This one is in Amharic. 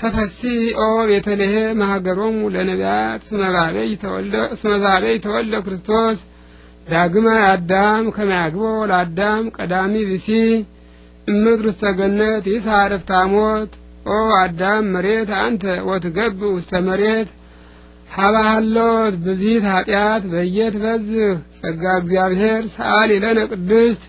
ተፈሲ ኦ ቤተልሔም ሀገሮሙ ለነቢያት እስመ ዛሀበይ ተወልደ ክርስቶስ ዳግመ አዳም ከመያግቦ ለአዳም ቀዳሚ ብሲ እምድር ውስተ ገነት ይስሐ ኦ አዳም መሬት አንተ ወትገብ ውስተ መሬት ሀባሃሎት ብዚት ኃጢአት በየት በዝህ ጸጋ እግዚአብሔር ሰአሊ ለነ ቅድስት